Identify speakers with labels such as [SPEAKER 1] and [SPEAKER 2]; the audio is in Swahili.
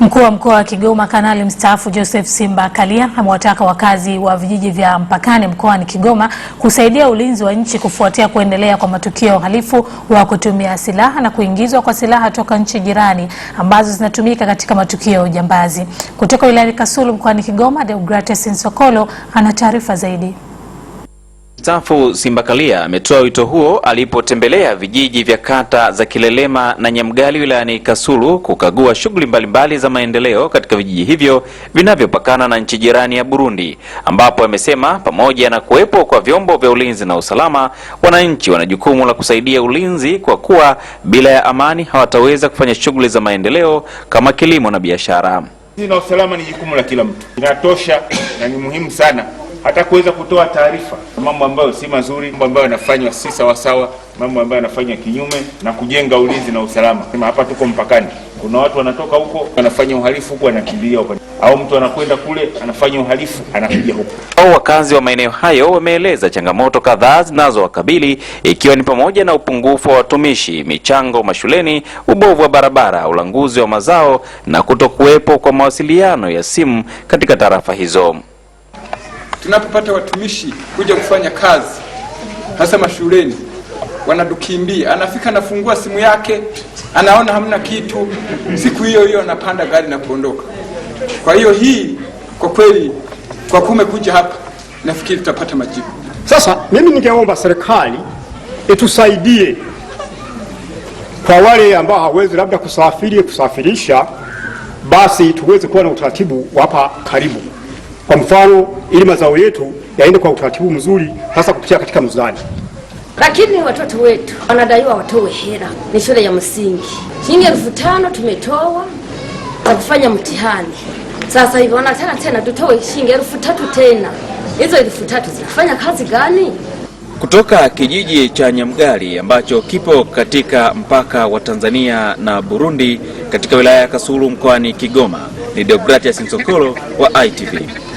[SPEAKER 1] Mkuu wa mkoa wa Kigoma Kanali mstaafu Joseph Simba Kalia amewataka wakazi wa vijiji vya mpakani mkoani Kigoma kusaidia ulinzi wa nchi kufuatia kuendelea kwa matukio ya uhalifu wa kutumia silaha na kuingizwa kwa silaha toka nchi jirani ambazo zinatumika katika matukio ya ujambazi. Kutoka wilayani Kasulu mkoani Kigoma, Deogrates Nsokolo ana taarifa zaidi.
[SPEAKER 2] Mstaafu Simbakalia ametoa wito huo alipotembelea vijiji vya kata za Kilelema na Nyamgali wilayani Kasulu kukagua shughuli mbalimbali za maendeleo katika vijiji hivyo vinavyopakana na nchi jirani ya Burundi, ambapo amesema pamoja na kuwepo kwa vyombo vya ulinzi na usalama, wananchi wana jukumu la kusaidia ulinzi kwa kuwa bila ya amani hawataweza kufanya shughuli za maendeleo kama kilimo na biashara.
[SPEAKER 3] Ulinzi na usalama ni jukumu la kila mtu, inatosha na ni muhimu sana hata kuweza kutoa taarifa, mambo ambayo si mazuri, mambo ambayo yanafanywa si sawasawa, mambo ambayo yanafanywa kinyume na kujenga ulinzi na usalama. Sema hapa tuko mpakani, kuna watu wanatoka huko wanafanya uhalifu huko, anakimbilia huko, au mtu anakwenda kule anafanya uhalifu anakuja huko.
[SPEAKER 2] Au wakazi wa maeneo hayo wameeleza changamoto kadhaa zinazowakabili ikiwa ni pamoja na upungufu wa watumishi, michango mashuleni, ubovu wa barabara, ulanguzi wa mazao na kutokuwepo kwa mawasiliano ya simu katika tarafa hizo
[SPEAKER 4] tunapopata watumishi kuja kufanya kazi hasa mashuleni wanadukimbia, anafika anafungua simu yake anaona hamna kitu, siku hiyo hiyo anapanda gari na kuondoka. Kwa hiyo hii kwa kweli, kwa kume kuja hapa, nafikiri tutapata majibu.
[SPEAKER 5] Sasa mimi ningeomba serikali itusaidie kwa wale ambao hawezi labda kusafiri kusafirisha, basi tuweze kuwa na utaratibu hapa karibu. Kwa mfano, ili mazao yetu yaende kwa utaratibu mzuri, hasa kupitia katika mzani.
[SPEAKER 6] Lakini watoto wetu wanadaiwa watoe hela, ni shule ya msingi, shilingi elfu tano tumetoa za kufanya mtihani. Sasa hivi wanataka tena tutoe shilingi elfu tatu tena. Hizo elfu tatu zinafanya kazi gani?
[SPEAKER 2] Kutoka kijiji cha Nyamgali ambacho kipo katika mpaka wa Tanzania na Burundi katika wilaya ya Kasulu mkoani Kigoma, ni Deogratias Nsokolo wa ITV.